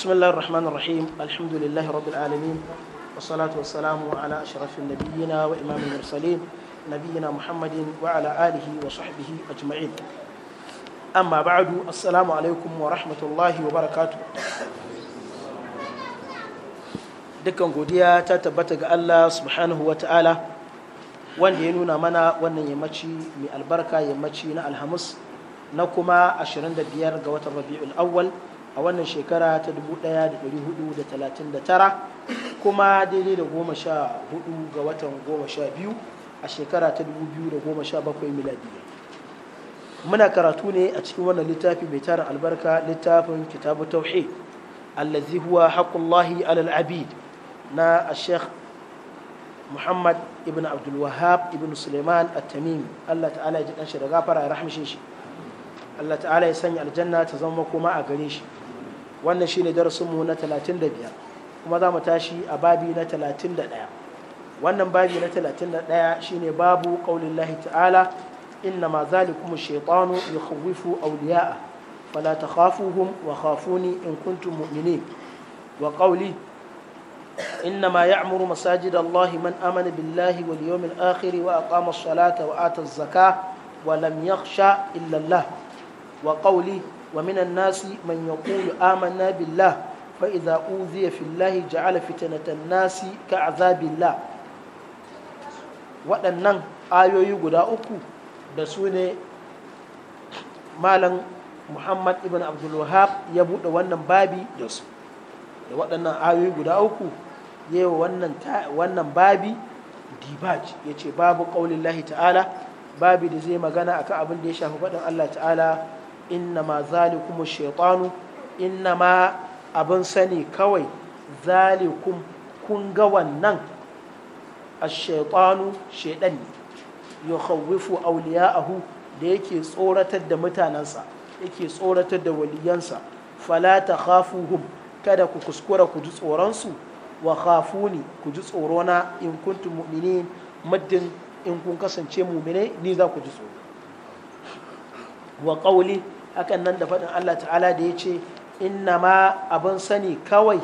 بسم الله الرحمن الرحيم الحمد لله رب العالمين والصلاة والسلام على أشرف النبيين وإمام المرسلين نبينا محمد وعلى آله وصحبه أجمعين أما بعد السلام عليكم ورحمة الله وبركاته dukkan godiya ta tabbata ga Allah subhanahu wa ta'ala wanda ya nuna mana wannan yammaci mai albarka yammaci na alhamis na kuma 25 ga watan rabi'ul awwal a wannan shekara ta 1439 kuma daidai da goma sha hudu ga watan goma sha biyu a shekara ta 2017 miladiya muna karatu ne a cikin wannan littafi mai tara albarka littafin kitabu tauhid allazi huwa haqqullahi alal na sheikh muhammad ibn abdul wahab ibn suleiman at-tamimi allah ta'ala ya ji ɗan shi da gafara ya rahmishe shi allah ta'ala ya sanya aljanna ta zama kuma a gare shi wannan shi ne darasinmu na biyar kuma za mu tashi a babi na 31 wannan babi na 31 shi ne babu ƙaunin lahi ta'ala inna ma zalikum shaitanu ya khawifu auliya'a fala ta khafuhum wa khafuni in kuntum mu'mini wa ƙauli inna ma ya amuru masajid man amana billahi wal yawmil akhiri wa aqama as-salata wa ata az-zakah wa lam yakhsha illa Allah wa ƙauli ومن الناس من يقول آمنا بالله فإذا أوذي في الله جعل فتنة الناس كعذاب الله waɗannan ayoyi guda uku da su ne malam muhammad ibn abdulwahab ya buɗe wannan babi da su da waɗannan ayoyi guda uku ya yi wannan babi dibaj ya ce babu ƙaunin ta'ala babi da zai magana akan abin da ya shafi faɗin allah ta'ala inna innama zalikum inna ma abin sani kawai zalikum kun ga wannan a shaitanu shaidan ne yukhawwifu ahu da yake tsoratar da mutanensa yake tsoratar da waliyansa fala takhafuhum kada ku kuskura ku ji tsoronsu wa hafu ne ku ji tsorona in kuntu mu'minin muddin in kun kasance mummini ni za ku ji tsoro wa ƙauli hakan nan da faɗin Allah ta'ala da ya ce inna ma abin sani kawai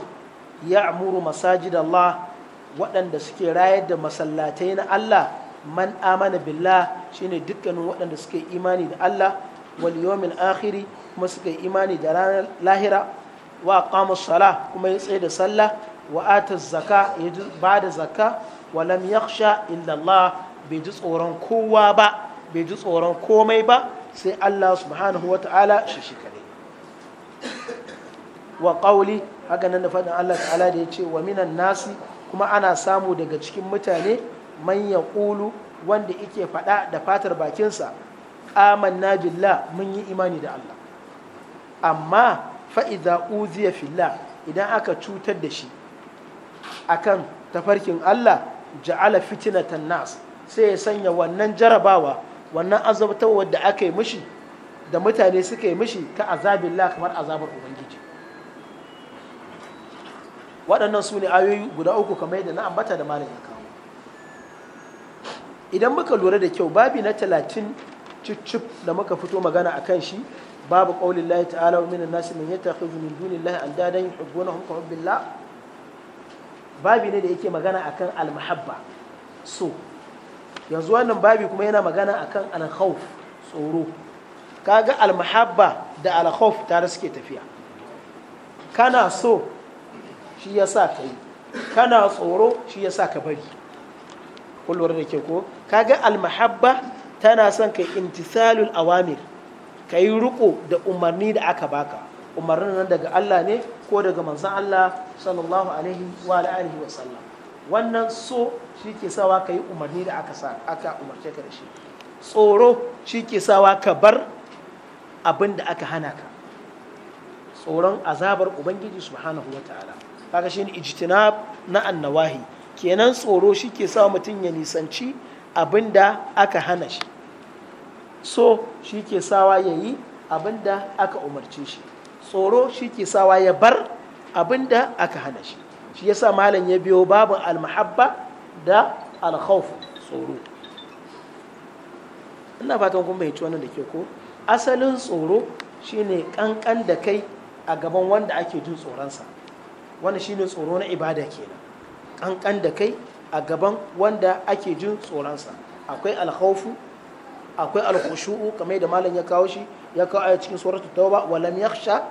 ya amuru masajid Allah waɗanda suke rayar da masallatai na Allah man amana billah shine dukkanin waɗanda suke imani da Allah wal yawmil akhiri kuma suke imani da ranar lahira wa aqama salah kuma ya tsaye da sallah wa ata zaka ya ba da zaka wa lam yakhsha illa Allah bai ji tsoron kowa ba bai ji tsoron komai ba sai Allah subhanahu wa ta'ala shi shi kare wa ƙauli haka nan da faɗin Allah ta'ala da ya ce wa minan nasi kuma ana samu daga cikin mutane man ya ƙulu wanda yake faɗa da fatar bakinsa na billah mun yi imani da Allah amma fa'iza uziya filla idan aka cutar da shi akan tafarkin Allah ja'ala fitinatan nas sai ya sanya wannan jarabawa wannan azabtarwar da aka yi mishi da mutane suka yi mishi ta azabin la kamar azabar ubangiji waɗannan su ne ayoyi guda uku kamar yadda na ambata da malam ya kawo idan muka lura da kyau babi na talatin cicif da muka fito magana a kan shi babu ƙaunin lahi ta'ala wa minan nasi min yata khizu min dunin lahi an dadan yi hubbuna hum babi ne da yake magana akan almahabba so yanzu wannan babi kuma yana magana akan alkhawf tsoro kaga almahabba da alkhawf tare suke tafiya kana so shi yasa kai kana tsoro shi yasa ka bari kullum da ke ko kaga almahabba tana son ka intisalul awamir ka yi riko da umarni da aka baka umarnin nan daga Allah ne ko daga manzon Allah sallallahu alaihi wa alihi wa sallam wannan so shi ke sawa ka yi umarni da aka umarce ka da shi tsoro shi ke sawa ka bar abin da aka hana ka tsoron azabar ubangiji subhanahu wa ta'ala kaga ne ijtinab na annawahi kenan tsoro shi ke sawa mutum ya nisanci abin da aka hana shi so shi ke sawa ya yi abin da aka umarce shi tsoro shi ke sawa ya bar abin da aka hana shi shi yasa malam ya biyo babu almahabba da alkhawf tsoro ina fatan kun ci wannan da ke ko asalin tsoro shine kankan da kai a gaban wanda ake jin tsoronsa wannan shine tsoro na ibada kenan kankan da kai a gaban wanda ake jin tsoronsa akwai alkhawfu akwai alkhushu'u kamar da malam ya kawo shi ya kawo a cikin suratul tauba wa lam yakhsha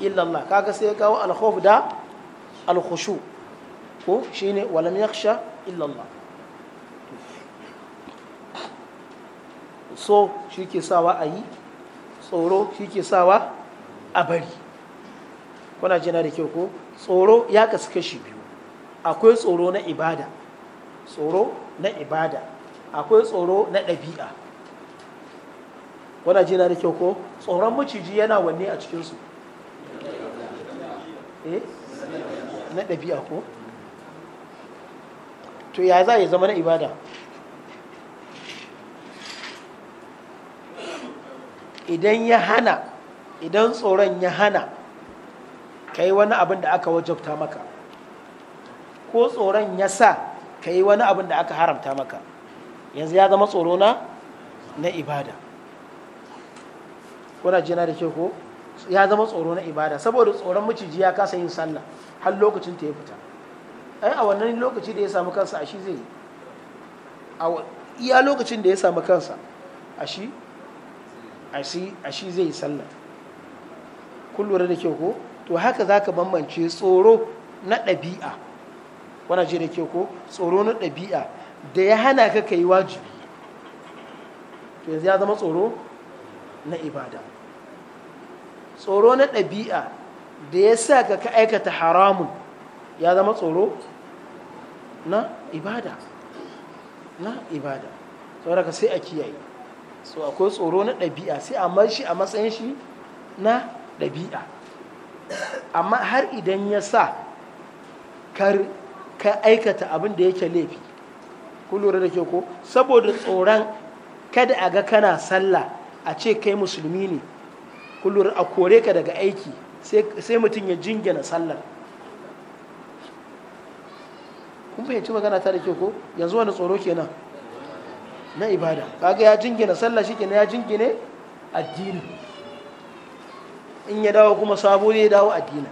illallah Allah kaga sai ya kawo alkhawf da alkhushu ko shine walam yakhsha illallah so shi ke sawa a yi tsoro shi ke sawa a bari kuna jina da kyau ko tsoro ya kasu kashi biyu akwai tsoro na ibada tsoro na ibada akwai tsoro na ɗabi'a kuna jina da kyau ko tsoron maciji yana wanne a cikinsu eh na ɗabi'a ko to ya za ya zama na ibada idan ya hana idan tsoron ya hana ka yi wani abin da aka wajabta maka ko tsoron ya sa ka yi wani abin da aka haramta maka yanzu ya zama tsoro na na ibada kuna jina da ke ko ya zama tsoro na ibada saboda tsoron maciji ya kasa yin sallah har lokacin ta ya fita ai a wannan lokaci da ya samu kansa a shi zai a iya lokacin da ya samu kansa a shi a shi zai yi sallah kun lura da kyau ko to haka za ka bambance tsoro na ɗabi'a wana ce da kyau ko tsoro na ɗabi'a da ya hana ka ka yi wajibi to yanzu ya zama tsoro na ibada tsoro na ɗabi'a da ya sa ka ka aikata haramun ya zama tsoro na ibada na ibada ka sai a kiyaye so akwai tsoro na ɗabi'a sai a marshi a matsayin shi na ɗabi'a amma har idan ya sa kar ka aikata abin da yake laifi ku lura da ke ko saboda tsoron kada a ga kana sallah a ce kai musulmi ne kullum a kore ka daga aiki sai mutum ya jingina sallar kun fahimci magana ta da ke ko yanzu wani tsoro kenan na ibada kaga ya jingina sallah shi kenan ya jingine addini in ya dawo kuma sabo ne ya dawo addini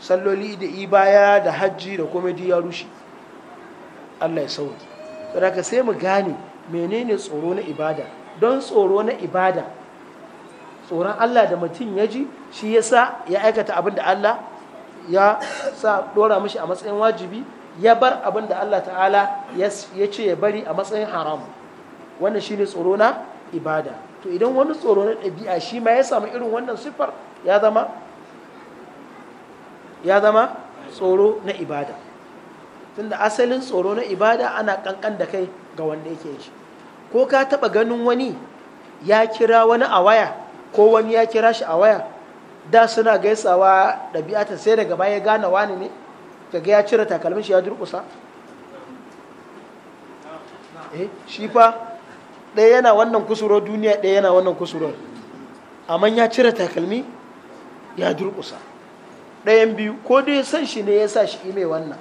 salloli da ibaya da hajji da komedi ya rushe allah ya sauki sai mu gane menene tsoro na ibada don tsoro na ibada tsoron Allah da mutum ya ji shi ya sa ya aikata abin da Allah ya sa dora mashi a matsayin wajibi ya bar abin da Allah ta'ala ya ce ya bari a matsayin haram wannan shi ne tsoro na ibada to idan wani tsoro na ɗabi'a shi ma ya samu irin wannan siffar ya zama ya tsoro na ibada tunda asalin tsoro na ibada ana kankan da kai ga wanda yake shi ko ka taɓa ganin wani ya kira wani a waya ko wani ya kira shi a waya da suna gaisawa ɗabi'ata sai daga baya gane wani ne kaga ya cire takalmin shi ya durkusa eh shi fa ɗaya yana wannan kusuro duniya ɗaya yana wannan kusuro amma ya cire takalmi ya durƙusa ɗayan biyu ko dai san shi ne ya sa shi ime wannan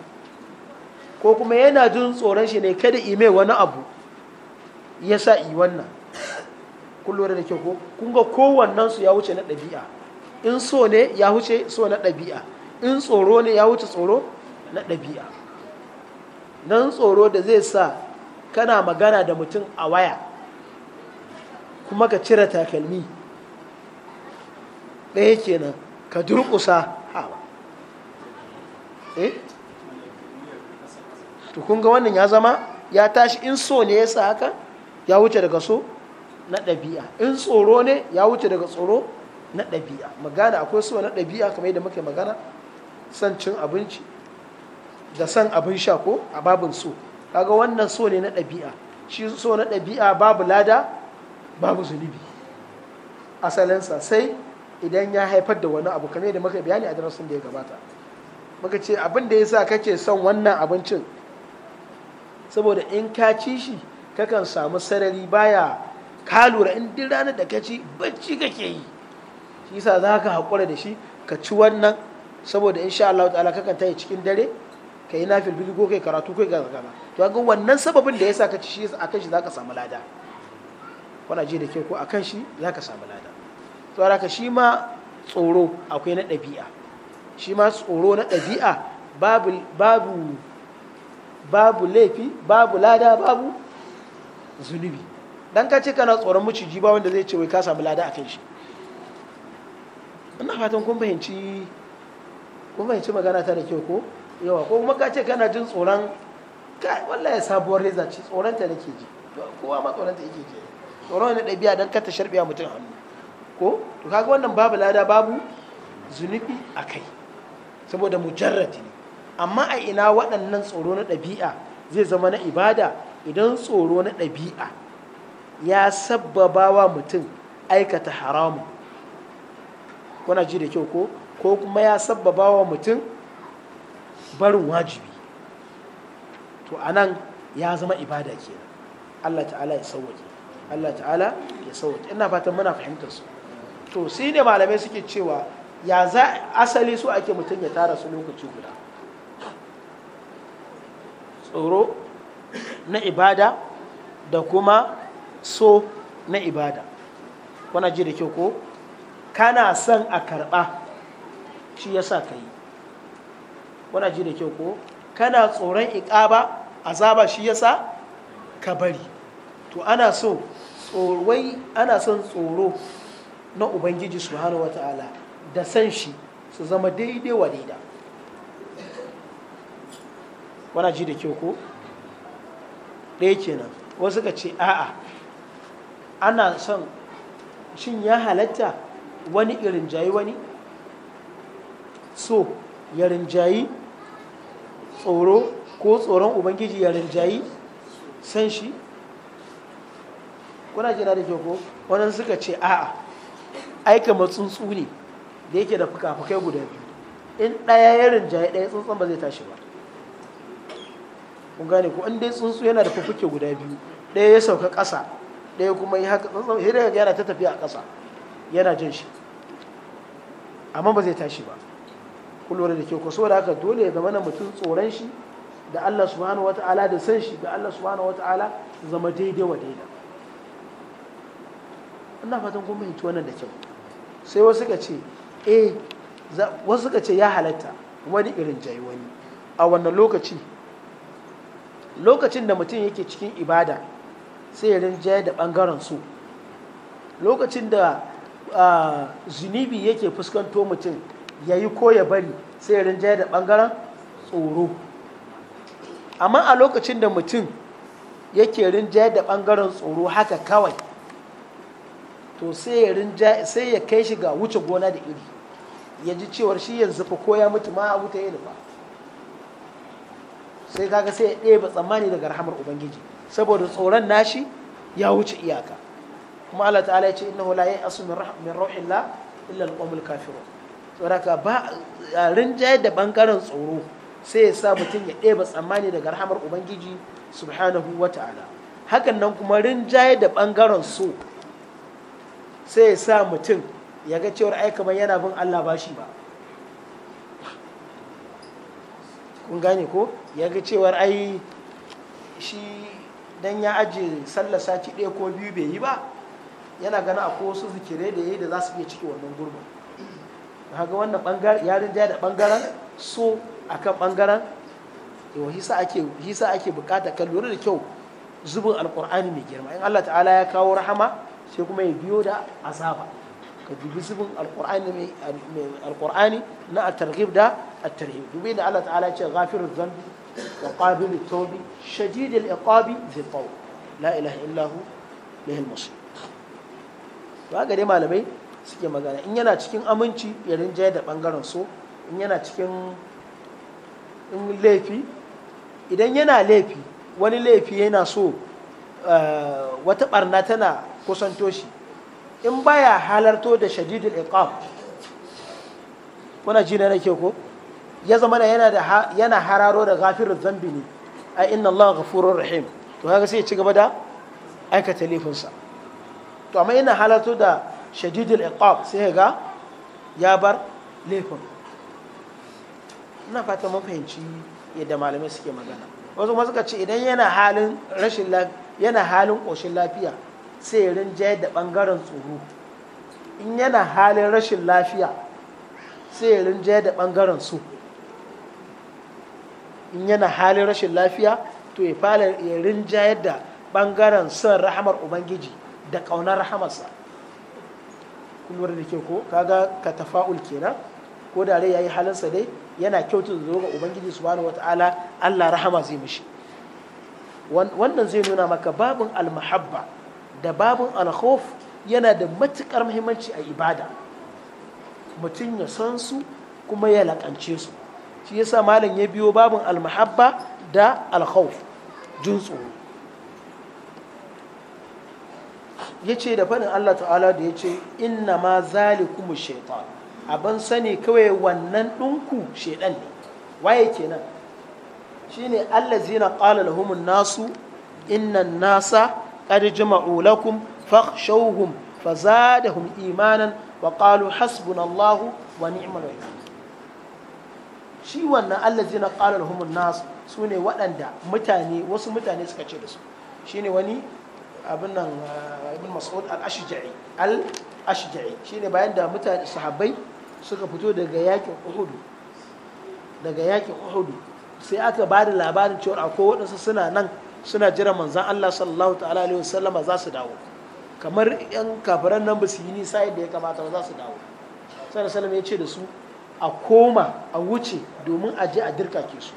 ko kuma yana jin tsoron shi ne kada ime wani abu ya sa i wannan kun lura da ke ko kun ga kowannen su ya wuce na ɗabi'a in so ne ya wuce so na ɗabi'a in tsoro ne ya wuce tsoro na ɗabi'a nan tsoro da zai sa kana magana da mutum a waya kuma ka cire takalmi ɗaya kenan ka durƙusa hawa eh to kun ga wannan ya zama ya tashi in so ne ya sa haka ya wuce daga so na ɗabi'a in tsoro ne ya wuce daga tsoro na ɗabi'a magana akwai so na ɗabi'a kamar yadda muke magana son cin abinci da son abin sha ko a babin so kaga wannan so ne na ɗabi'a shi so na ɗabi'a babu lada babu zunubi asalinsa sai idan ya haifar da wani abu kamar yadda muka bayani a darasin da ya gabata muka ce abin da ya sa kake son wannan abincin saboda in ka ci shi kakan samu sarari baya ka lura in duk ranar da ka ci bacci kake yi shi yasa za ka haƙura da shi ka ci wannan saboda insha Allah ta'ala kakan yi cikin dare ka yi nafil fili ko kai karatu kai ga kaza to ga wannan sababin da yasa ka ci shi a kan shi ka samu lada kuna ji da ke ko a kan shi za ka samu lada to haka shi ma tsoro akwai na ɗabi'a shi ma tsoro na ɗabi'a babu babu babu laifi babu lada babu zunubi dan ka ce kana tsoron maciji ba wanda zai ce wai ka samu lada kan shi ina fatan kun fahimci kun fahimci magana ta da kyau ko yawa ko kuma ka ce kana jin tsoron kai wallahi sabuwar reza ce tsoron ta nake ji kowa ma tsoron ta yake ji tsoron ne ɗabi'a dan ka ta sharbiya mutum hannu ko to kaga wannan babu lada babu zunubi a kai saboda mujarrati ne amma a ina waɗannan tsoro na ɗabi'a zai zama na ibada idan tsoro na ɗabi'a ya sabbaba wa mutum aikata haramu kuna ji da kyau ko kuma ya sabbaba wa mutum barin wajibi to anan ya zama ibada kenan Allah ta'ala ya sauwaje Allah ta'ala ya sauwaje ina fatan muna fahimtar su to sai ne malamai suke cewa ya za asali su ake mutum ya tara su lokaci guda tsoro na ibada da kuma so na ibada wana ji da kyau ko kana son a karɓa shi ya sa ka yi wana ji da kyau ko kana tsoron iƙaba azaba shi ya sa ka bari to ana so tsorwai ana son tsoro na ubangiji su hana wata'ala da san shi su zama daidai wa daida wana ji da kyau ko ɗaya kenan wasu ka ce a'a ana son shin ya halatta wani irinjayi wani so ya rinjayi tsoro ko tsoron ubangiji ya rinjayi san shi kuna jira da ko wannan suka ce a'a aika matsuntsu ne da yake da fuka-fukai guda biyu in ɗaya ya rinjaye ɗaya tsuntsun ba zai tashi ba kun gane ko in dai tsuntsu yana da fufuke guda biyu ɗaya ya sauka ƙasa ɗaya kuma yi haka tsantsan sai daga yana ta tafiya a ƙasa yana jin shi amma ba zai tashi ba ku da ke ko saboda haka dole ya zama na mutum tsoron shi da Allah subhanahu wata'ala da san shi da Allah subhanahu wata'ala zama daidai wa daida ina fatan kun yi wannan da kyau sai wasu ka ce eh wasu ka ce ya halatta wani irin jayi wani a wannan lokaci lokacin da mutum yake cikin ibada sai ya da ɓangaren su lokacin da zunubi yake fuskanto mutum ya yi ko ya bari sai ya da ɓangaren tsoro amma a lokacin da mutum yake rinjaya da ɓangaren tsoro haka kawai to sai ya kai shi ga wuce gona da iri ya ji cewar shi yanzu fa ko ya mutu ma a wuta da nufa sai kaga sai ya ɗebe tsammani daga rahamar ubangiji saboda tsoron nashi ya wuce iyaka kuma Allah ta'ala ya ce innahu la ya'asu min la illa al-qawmul kafirun ka ba rinjaye da bangaren tsoro sai ya sa mutum ya ɗeba tsammani daga rahamar ubangiji subhanahu wa ta'ala hakan nan kuma rinjaye da bangaren so sai ya sa mutum ya ga cewar ai kamar yana bin Allah ba shi ba kun gane ko ya ga cewar ai shi dan ya aje sallar sati ɗaya ko biyu bai yi ba yana gana ko su zikirai da yayi da za su iya ciki wannan gurbi haka wannan ya yarin da bangaren so akan bangaren yau hisa ake hisa ake bukata kan lura da kyau zubin alkur'ani mai girma in Allah ta'ala ya kawo rahama sai kuma ya biyo da azaba ka dubi zubin alkur'ani na at-targhib da at-tarhib dubi da Allah ta'ala ya ce ghafiruz dhanbi وقابل التوب شديد العقاب ذي الطول لا اله الا هو به المصير haka dai malamai suke magana in yana cikin aminci ya rinjaye da bangaren so in yana cikin laifi idan yana laifi wani laifi yana so wata barna tana kusanto shi in baya halarto da shadidul iqab kuna ji na nake ko ya zama da yana da yana hararo da ghafirul dhanbi ne a inna Allah ghafurur rahim to kaga sai ya ci gaba da aikata laifinsa to amma ina halarto da shadidul iqab sai ga ya bar laifin ina fata mun fahimci yadda malamai suke magana wasu kuma suka ce idan yana halin rashin yana halin ƙoshin lafiya sai ya rinjaye da bangaren tsoro in yana halin rashin lafiya sai ya rinjaye da bangaren su in yana halin rashin lafiya to ya fara ya rinjayar da bangaren son rahamar ubangiji da ƙaunar rahamarsa kun lura da ke ko kaga ka tafa'ul kenan ko da rai yayi halinsa dai yana kyautu zo ga ubangiji subhanahu wataala Allah rahama zai mishi wannan zai nuna maka babin almahabba da babin alkhawf yana da matukar muhimmanci a ibada mutum ya san su kuma ya laƙance su shi yasa malam ya biyo babin almahabba da alkhawf jin tsoro ya ce da faɗin Allah ta'ala da ya ce inna ma zalikumu shaitan abin sani kawai wannan ɗinku shaitan ne waye kenan shine allazina qala lahumun nasu inna nasa qad jama'u lakum fakhshawhum fazadahum imanan wa hasbunallahu wa ni'mal shi wannan allazina qala lahumun nas ne waɗanda mutane wasu mutane suka ce da su Shi ne wani abin nan eh, ibn mas'ud al-ashja'i al-ashja'i shine bayan da mutane sahabbai suka fito daga yakin Uhudu. daga yakin Uhudu. sai aka ba da labarin cewa akwai waɗansu suna nan suna jiran manzan Allah sallallahu ta'ala alaihi wasallama za su dawo kamar yan kafiran nan ba su yi nisa yadda ya kamata ba za su dawo sallallahu alaihi wasallam ya ce da su a koma a wuce domin a je a dirka ke su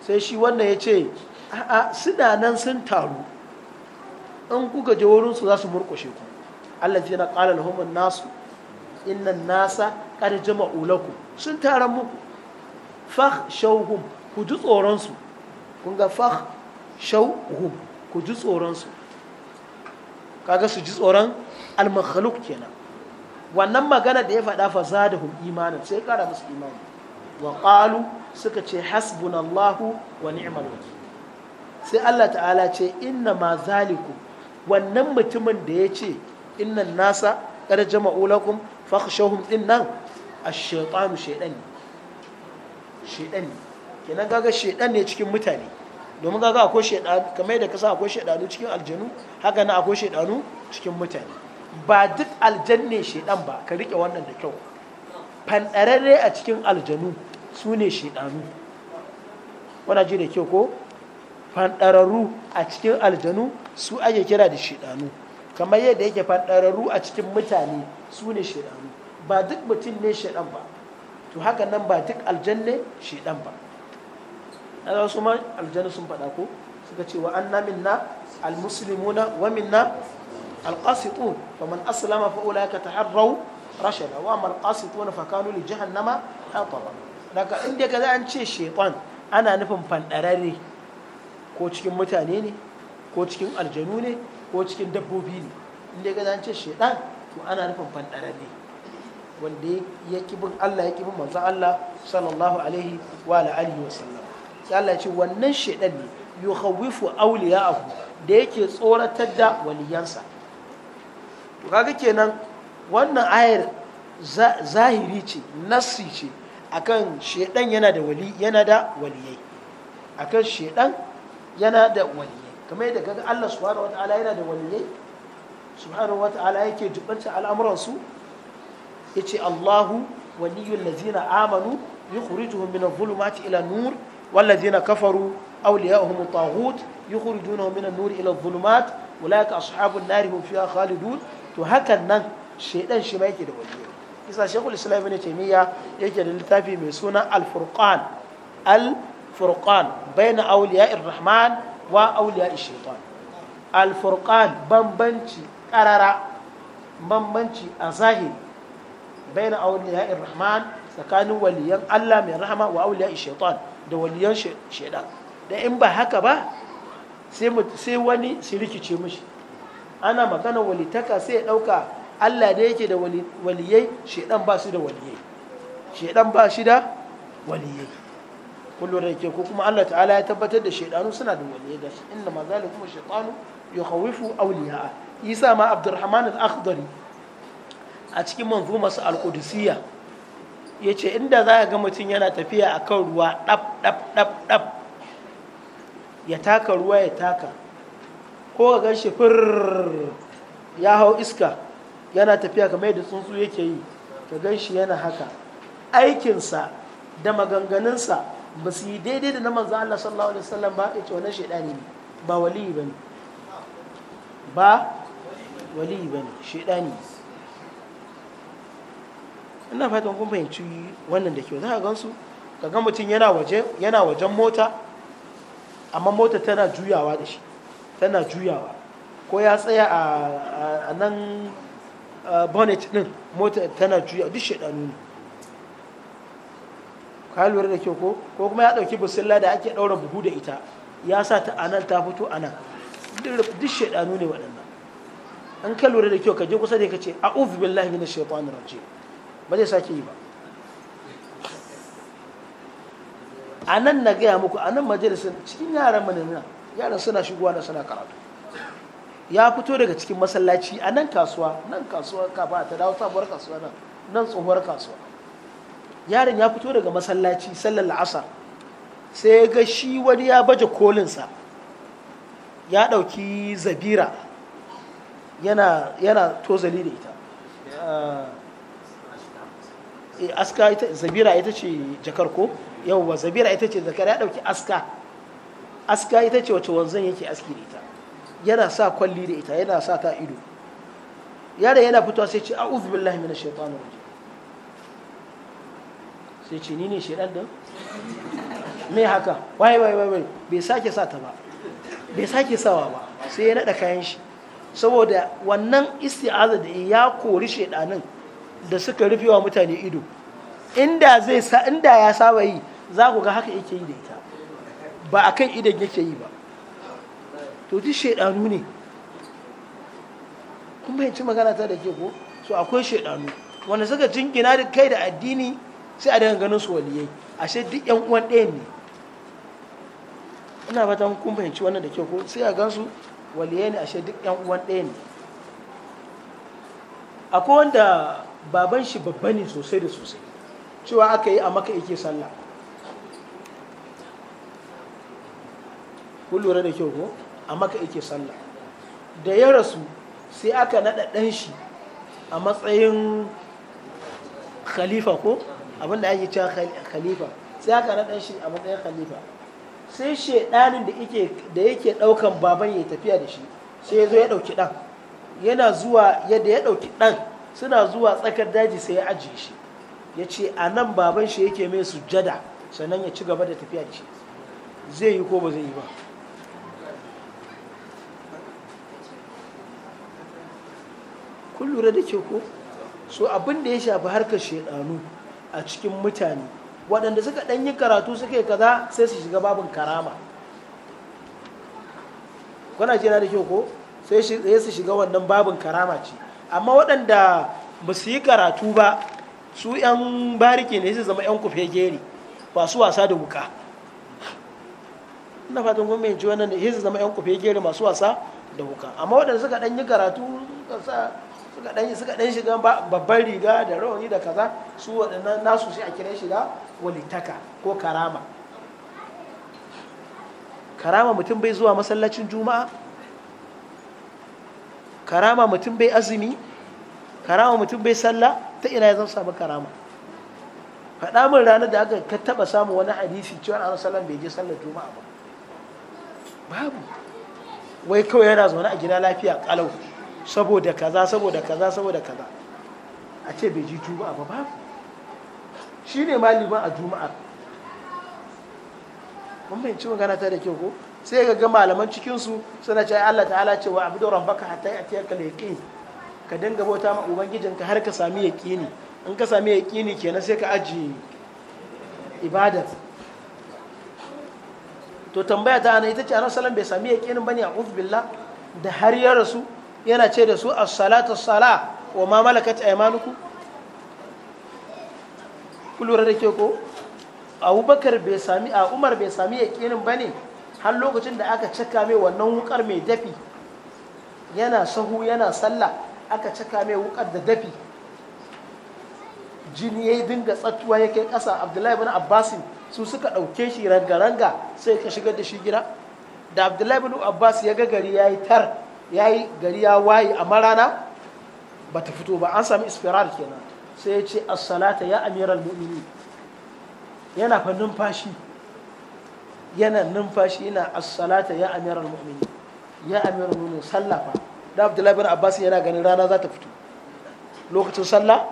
sai shi wannan ya ce a'a suna nan sun taru in kuka je wurinsu za su murƙushe ku Allah na ƙala lahumin nasu innan nasa ƙar jama'u lakum sun tara muku fah shauhum ku ji tsoronsu kun ga fah shauhum ku ji tsoronsu kaga su ji tsoron almakhaluk kenan wannan magana da ya faɗa fa zadahum imanin sai ƙara musu imani wa suka ce hasbunallahu wa ni'mal wakil sai Allah ta'ala ce inna ma zaliku wannan mutumin da ya ce innan nasa qad jama'u lakum fakhshawhum din nan ash-shaytanu ne kenan kaga ne cikin mutane domin kaga akwai kamar da kasa akwai shaydanu cikin aljanu haka na akwai cikin mutane ba duk aljanne shaidan ba ka rike wannan da kyau fanɗararre a cikin aljanu su ne shaidanu wana ji da kyau ko fanɗararru a cikin aljanu su ake kira da shaidanu kamar yadda yake fanɗararru a cikin mutane su ne shaidanu ba duk mutum ne shaidan ba to haka nan ba duk aljanne shaidan ba na za su ma aljanu sun faɗa ko suka ce wa an na minna almuslimuna wa minna القاسطون فمن أسلم فأولئك تحروا رشدا وأما القاسطون فكانوا لجهنم حطبا لك عندي كذا أن شيء شيطان أنا نفهم فنأراري كوتشكين متانيني كوتشكين الجنوني كوتشكين دبوبيني عندي كذا أن شيء شيطان وأنا نفهم فنأراري wanda ya kibin Allah ya kibin manzon Allah sallallahu alaihi wa alihi wa sallam sai Allah ya ce wannan shedan ne yukhawwifu awliya'ahu da yake tsoratar da waliyansa to kaga kenan wannan ayar zahiri ce nassi ce akan shedan yana da wali yana da waliyai akan shedan yana da waliyai kamar yadda kaga Allah subhanahu wataala yana da waliyai subhanahu wataala yake jubanta al'amuran su yace Allahu waliyul ladzina amanu yukhrijuhum min adh-dhulumati ila nur wal ladzina kafaru awliya'uhum at-taghut yukhrijunahum min an-nur ila adh-dhulumat ulaika ashabun nar hum fiha khalidun to hakan nan shaidan shi ma yake da waliyi isa shekul islam ibn taymiya yake da littafi mai suna al-furqan al-furqan bayna awliya'ir rahman wa shaitan al-furqan bambanci karara bambanci a zahiri rahman tsakanin waliyan Allah mai rahama wa shaitan da waliyan shaidan da in ba haka ba sai wani su rikice mishi ana magana walitaka sai ya ɗauka Allah da yake da waliyai shaidan ba su da waliyai shaidan ba shi da waliyai kullum da ke ko kuma Allah ta'ala ya tabbatar da shaidanu suna da waliyai da shi inda ma kuma shaitanu yukhawifu awliya'a isa ma abdurrahman al-akhdari a cikin manzuma su al-qudusiyya yace inda za ga mutum yana tafiya akan ruwa dab dab dab dab ya taka ruwa ya taka ko ka gan shi ya hau iska yana tafiya kamar yadda tsuntsu yake yi ka gan shi yana haka aikinsa da maganganunsa ba su yi daidai da na manzo Allah sallallahu alaihi wasallam ba ya ce wannan shaidani ne ba wali ba ne ba wali ba ne shaidani ina fatan kun fahimci wannan da ke za ka gansu ka ga mutum yana wajen mota amma mota tana juyawa da shi tana juyawa ko ya tsaya a nan bonnet din mota tana juya duk shaidanu ne ka lura da kyau ko ko kuma ya dauki busilla da ake daura buhu da ita ya sa ta anan ta fito anan duk shaidanu ne waɗannan an ka lura da kyau ka je kusa da ka ce a'udhu billahi na shaitanir rajim ba zai sake yi ba anan na gaya muku anan majalisar cikin yaran manana yaran suna shigowa na suna karatu ya fito daga cikin masallaci a nan kasuwa nan kasuwa kafa ta dawo sabuwar kasuwa nan nan tsohuwar kasuwa yaron ya fito daga masallaci sallar la'asar sai ya ga shi wani ya baje kolinsa ya ɗauki zabira yana yana tozali da ita eh, aska ita zabira ita ce jakar ko ba zabira ita ce zakar ya ɗauki aska aska ita ce wacce wanzan yake aski da ita yana sa kwalli da ita yana sa ta ido yaron yana fitowa sai ce a'udhu billahi minash shaitani rajim sai ce ni ne shedan din me haka wai wai wai bai sake sa ta ba bai sake sawa ba sai ya nada kayan shi saboda wannan isti'aza da ya kori shedanin da suka rufe wa mutane ido inda zai sa inda ya saba yi za ku ga haka yake yi da ita ba a kan idan yake yi ba to duk shaidanu ne kun bayanci magana ta da ke ko so akwai shaidanu wanda suka jingina da kai da addini sai a daga ganin su waliyai shi duk yan uwan ɗaya ne ina ta kun fahimci wannan da ke ko sai a gansu waliyai ne a shi duk yan uwan ɗaya ne akwai wanda baban shi babba ne sosai da sosai cewa aka yi a maka yake sallah kun lura da kyau ko a maka yake sallah da ya rasu sai aka naɗa ɗan shi a matsayin khalifa ko abinda ake cewa khalifa sai aka naɗa shi a matsayin khalifa sai shedanin da yake ɗaukan baban ya tafiya da shi sai ya zo ya ɗauki ɗan yana zuwa yadda ya ɗauki ɗan suna zuwa tsakar daji sai ya ajiye shi ya ce a nan baban shi yake mai sujjada sannan ya ci gaba da tafiya da shi zai yi ko ba zai yi ba kun lura da ke ko so abin da ya shafi harkar shaidanu a cikin mutane waɗanda suka ɗan yi karatu suka yi kaza sai su shiga babin karama kuna jina da kyau ko sai su shiga wannan babin karama ce amma waɗanda ba su yi karatu ba su 'yan bariki ne su zama 'yan kufe geri ba su wasa da wuka na fatan kuma mai ji wannan ne su zama 'yan kufe geri masu wasa da wuka amma waɗanda suka ɗan yi karatu suka dan suka dan shiga babban riga da rauni da kaza su waɗannan nasu sai a kiran shiga walitaka ko karama karama mutum bai zuwa masallacin juma'a karama mutum bai azumi karama mutum bai sallah ta ina ya zama samu karama faɗa min ranar da aka ka taɓa samun wani hadisi cewa an sallan bai je sallar juma'a ba babu wai kawai yana zaune a gida lafiya kalau saboda kaza saboda kaza saboda kaza a ce bai ji juma'a ba babu shi ne maliman a juma'a mun bayanci magana ta da kyau ko sai ga malaman cikinsu suna ce Allah ta ala cewa abu rabbaka baka hata al-yaqin ka dinga bauta ma ubangijinka har ka sami yaqini in ka sami yaqini kenan sai ka aji ibadar to tambaya ta ana ita ce a sallallahu bai sami ba bane a billah da har ya rasu yana ce da su as-salatu as-sala wa ma malakat aymanukum kullura da ke ko abubakar bai sami a umar bai sami yaƙinin ba ne har lokacin da aka cika mai wannan wukar mai dafi yana sahu yana sallah aka cika mai wukar da dafi jini ya yi dinga tsattuwa ya kai ƙasa abdullahi bin abbasin su suka ɗauke shi ranga-ranga sai ka shigar da shi gida da abdullahi bin abbas ya ga gari ya yi tar ya yi gari ya wayi a rana ba ta fito ba an sami ispirar kenan sai ya ce assalata ya amiral mu'mini yana fa numfashi yana numfashi yana assalata ya amiral mu'mini ya amiral mu'mini sallah fa da abdullahi bin abbas yana ganin rana za ta fito lokacin sallah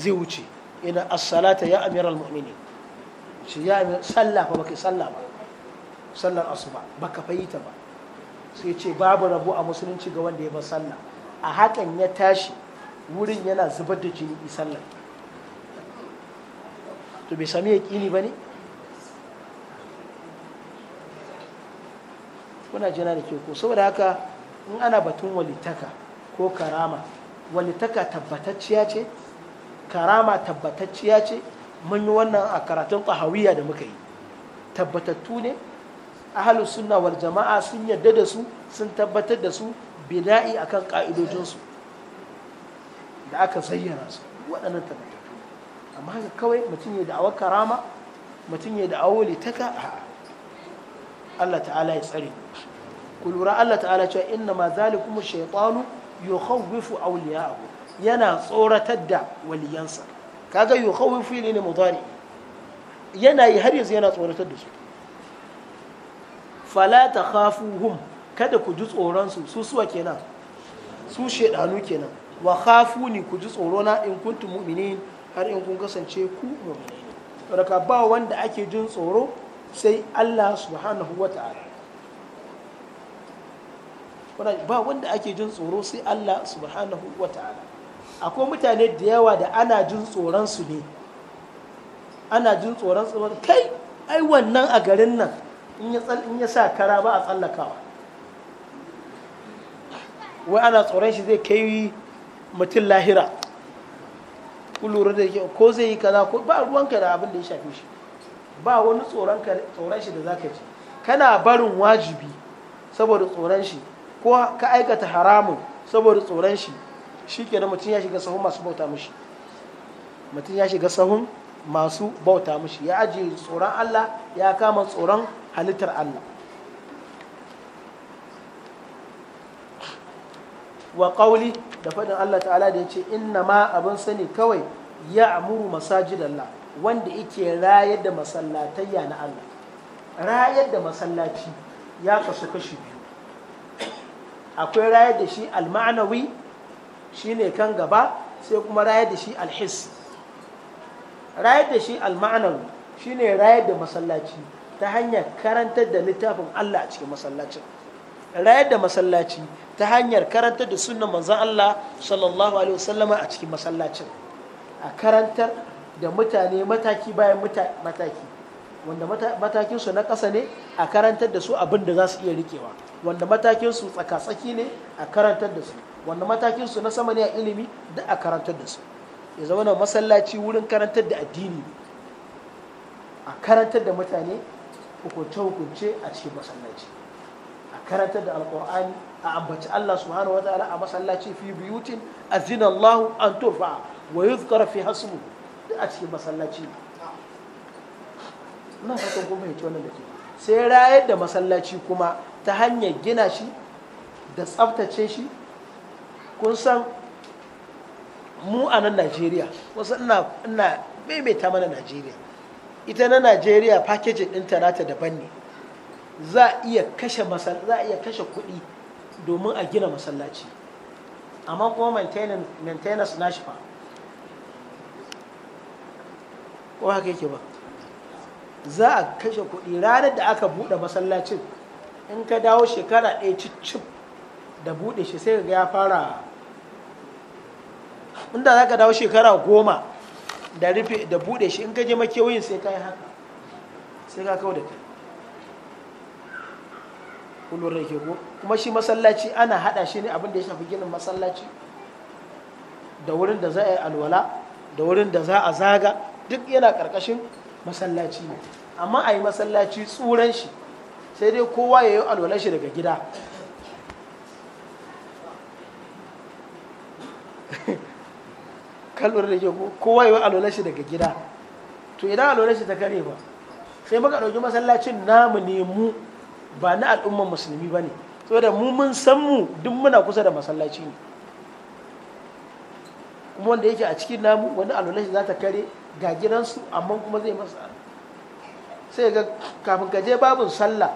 zai wuce yana assalata ya amiral mu'mini shi ya amiral sallafa fa baka sallah ba sallar asuba baka fayyita ba sai ce babu rabo a musulunci ga wanda ya bar sallah a hakan ya tashi wurin yana zubar da jini i sallah to bai sami yaƙini ba ne kuna jina da ke ko saboda haka in ana batun walitaka ko karama walitaka tabbatacciya ce karama tabbatacciya ce mun yi wannan a karatun ƙahawiya da muka yi tabbatattu ne ahalus sunna wal jama'a sun yadda da su sun tabbatar da su bina'i akan ka'idojinsu da aka zayyana su waɗannan tabbatattu amma haka kawai mutum ya da da'awar karama mutum ya da da'awar litaka Allah ta'ala ya tsare ku lura Allah ta'ala cewa inna ma zalikum shaytanu yukhawwifu awliya'ahu yana tsoratar da waliyansa kaga yukhawwifu ne mudari yana yi har yanzu yana tsoratar da su Falata hafu khafuhum kada ku ji tsoronsu su suwa kenan su shaidanu kenan wa ne ku ji tsorona in kuntum mu'minin har in kun kasance ku mu'mini daga ba wanda ake jin tsoro sai Allah subhanahu wa ta'ala ba wanda ake jin tsoro sai Allah subhanahu wa ta'ala akwai mutane da yawa da ana jin tsoron su ne ana jin tsoron su kai ai wannan a garin nan in ya sa kara ba a tsallakawa wai ana tsoron shi zai kai mutum lahira kulura da ke ko zai yi kaza ko ba ruwan ka da abin da ya shafi shi ba wani tsoron shi da za ka ci kana barin wajibi saboda tsoron shi ko ka aikata haramun saboda tsoron shi shi ke da mutum ya shiga sahun masu bauta mushi mutum ya shiga sahun masu bauta mushi ya ajiye tsoron allah ya kama tsoron halittar Allah wa ƙauli da faɗin Allah ta'ala da ya ce inna ma abin sani kawai ya amuru masajidallah wanda yake rayar da masallatayya na Allah rayar da masallaci ya kasu kashi biyu akwai rayar da shi alma'anawi shine kan gaba sai kuma rayar da shi alhis rayar da shi alma'anawi shine rayar da masallaci ta hanyar karantar da littafin Allah a cikin masallacin rayar da masallaci ta hanyar karantar da sunan manzan Allah sallallahu alaihi wasallama a cikin masallacin a karantar da mutane mataki bayan mataki wanda matakin su na ƙasa ne a karantar da su abin da za su iya rikewa wanda matakin su tsaka-tsaki ne a karantar da su wanda matakin su na sama ne a ilimi da a karantar da su ya zama masallaci wurin karantar da addini a karantar da mutane hukunce-hukunce a cikin masallaci a karantar da alkur'ani a ambaci Allah subhanahu a masallaci fi biyutin azina Allah an turfa wa yuzkar fi hasmu duk a cikin masallaci ina fatan wannan da ke sai da masallaci kuma ta hanyar gina shi da tsaftace shi kun san mu a nan Najeriya wasu ina maimaita mana Najeriya ita na najeriya fakejin ɗinta nata daban ne za a iya kashe kuɗi domin a gina masallaci amma kuma maintenance na shi fa ko haka yake ba za a kashe kuɗi ranar da aka buɗe masallacin in ka dawo shekara ɗaya cicip da buɗe shi sai ga ya fara inda za ka dawo shekara goma da rufe da bude shi in ka je makewayin sai ka yi haka sai ka kawo da kai kullum rai ke kuma shi masallaci ana hada shi ne abin da ya shafi ginin masallaci da wurin da za a yi alwala da wurin da za a zaga duk yana karkashin masallaci ne amma a yi masallaci tsuran shi sai dai kowa ya yi alwala shi daga gida kallon da ke kowa yi wa alolar daga gida to idan alolar shi ta kare ba sai muka ɗauki masallacin namu ne mu ba na al'umman musulmi ba ne saboda mu mun san mu duk muna kusa da masallaci ne kuma wanda yake a cikin namu wani alolar za ta kare ga gidansu amma kuma zai masa sai ga kafin ka je babin sallah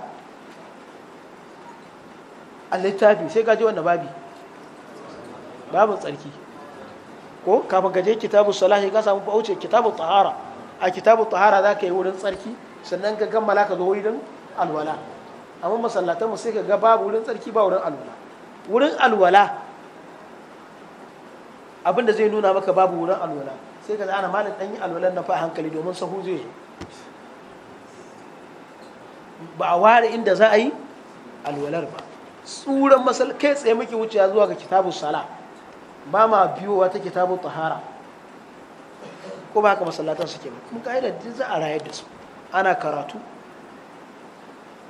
a littafi sai ka je wanda babi babin tsarki ko kafin ka je kitabu salahi ka samu bauce kitabu tahara a kitabu tahara za ka yi wurin tsarki sannan ka gammala ka zo wurin alwala amma masallatanmu sai ka ga babu wurin tsarki ba wurin alwala wurin alwala abin da zai nuna maka babu wurin alwala sai ka zana malam dan yi alwalan na fa hankali domin sahu zai zo ba a ware inda za a yi alwalar ba tsuran masal kai tsaye muke wucewa zuwa ga kitabu Salah. ba ma biyowa ta kitabun tahara ko ba haka masallatan suke ba kuma ka'idar duk za a rayar da su ana karatu